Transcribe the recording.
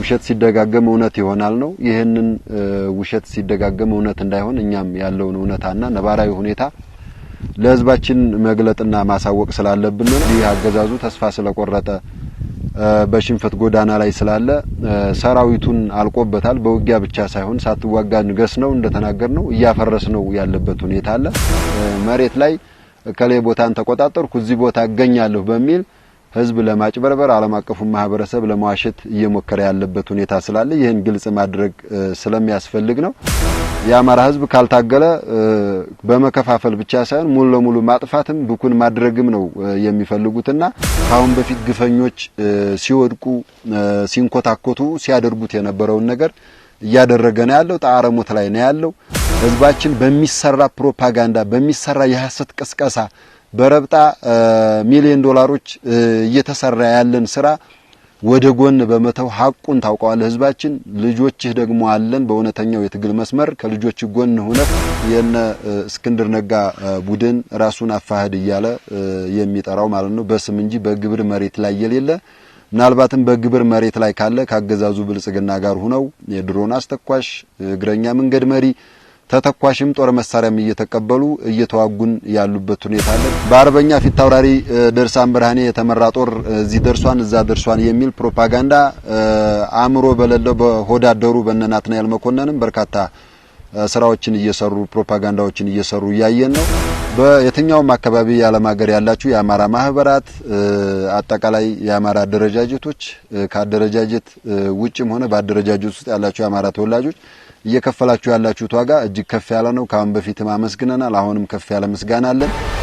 ውሸት ሲደጋገም እውነት ይሆናል ነው። ይህንን ውሸት ሲደጋገም እውነት እንዳይሆን እኛም ያለውን እውነታና ነባራዊ ሁኔታ ለህዝባችን መግለጥና ማሳወቅ ስላለብን ነው። ይህ አገዛዙ ተስፋ ስለቆረጠ በሽንፈት ጎዳና ላይ ስላለ ሰራዊቱን አልቆበታል። በውጊያ ብቻ ሳይሆን ሳትዋጋ ንገስ ነው እንደተናገር ነው እያፈረስ ነው ያለበት ሁኔታ አለ። መሬት ላይ ከሌ ቦታን ተቆጣጠርኩ እዚህ ቦታ እገኛለሁ በሚል ህዝብ ለማጭበርበር ዓለም አቀፉን ማህበረሰብ ለመዋሸት እየሞከረ ያለበት ሁኔታ ስላለ ይህን ግልጽ ማድረግ ስለሚያስፈልግ ነው። የአማራ ህዝብ ካልታገለ በመከፋፈል ብቻ ሳይሆን ሙሉ ለሙሉ ማጥፋትም ብኩን ማድረግም ነው የሚፈልጉትና ከአሁን በፊት ግፈኞች ሲወድቁ፣ ሲንኮታኮቱ ሲያደርጉት የነበረውን ነገር እያደረገ ነው ያለው። ጣረሞት ላይ ነው ያለው። ህዝባችን በሚሰራ ፕሮፓጋንዳ፣ በሚሰራ የሀሰት ቅስቀሳ በረብጣ ሚሊዮን ዶላሮች እየተሰራ ያለን ስራ ወደ ጎን በመተው ሀቁን ታውቀዋል። ህዝባችን ልጆችህ ደግሞ አለን። በእውነተኛው የትግል መስመር ከልጆች ጎን ሆነ የነ እስክንድር ነጋ ቡድን ራሱን አፋህድ እያለ የሚጠራው ማለት ነው በስም እንጂ በግብር መሬት ላይ የሌለ ምናልባትም በግብር መሬት ላይ ካለ ካገዛዙ ብልጽግና ጋር ሆነው የድሮን አስተኳሽ፣ እግረኛ መንገድ መሪ ተተኳሽም ጦር መሳሪያም እየተቀበሉ እየተዋጉን ያሉበት ሁኔታ አለ። በአርበኛ ፊት አውራሪ ድርሳን ብርሃኔ የተመራ ጦር እዚህ ደርሷን እዛ ደርሷን የሚል ፕሮፓጋንዳ አእምሮ በሌለው በሆዳደሩ በነናትና ያልመኮነንም በርካታ ስራዎችን እየሰሩ ፕሮፓጋንዳዎችን እየሰሩ እያየን ነው። በየትኛውም አካባቢ የዓለም ሀገር ያላችሁ የአማራ ማህበራት፣ አጠቃላይ የአማራ አደረጃጀቶች ከአደረጃጀት ውጭም ሆነ በአደረጃጀት ውስጥ ያላችሁ የአማራ ተወላጆች እየከፈላችሁ ያላችሁት ዋጋ እጅግ ከፍ ያለ ነው። ከአሁን በፊትም አመስግነናል። አሁንም ከፍ ያለ ምስጋና አለን።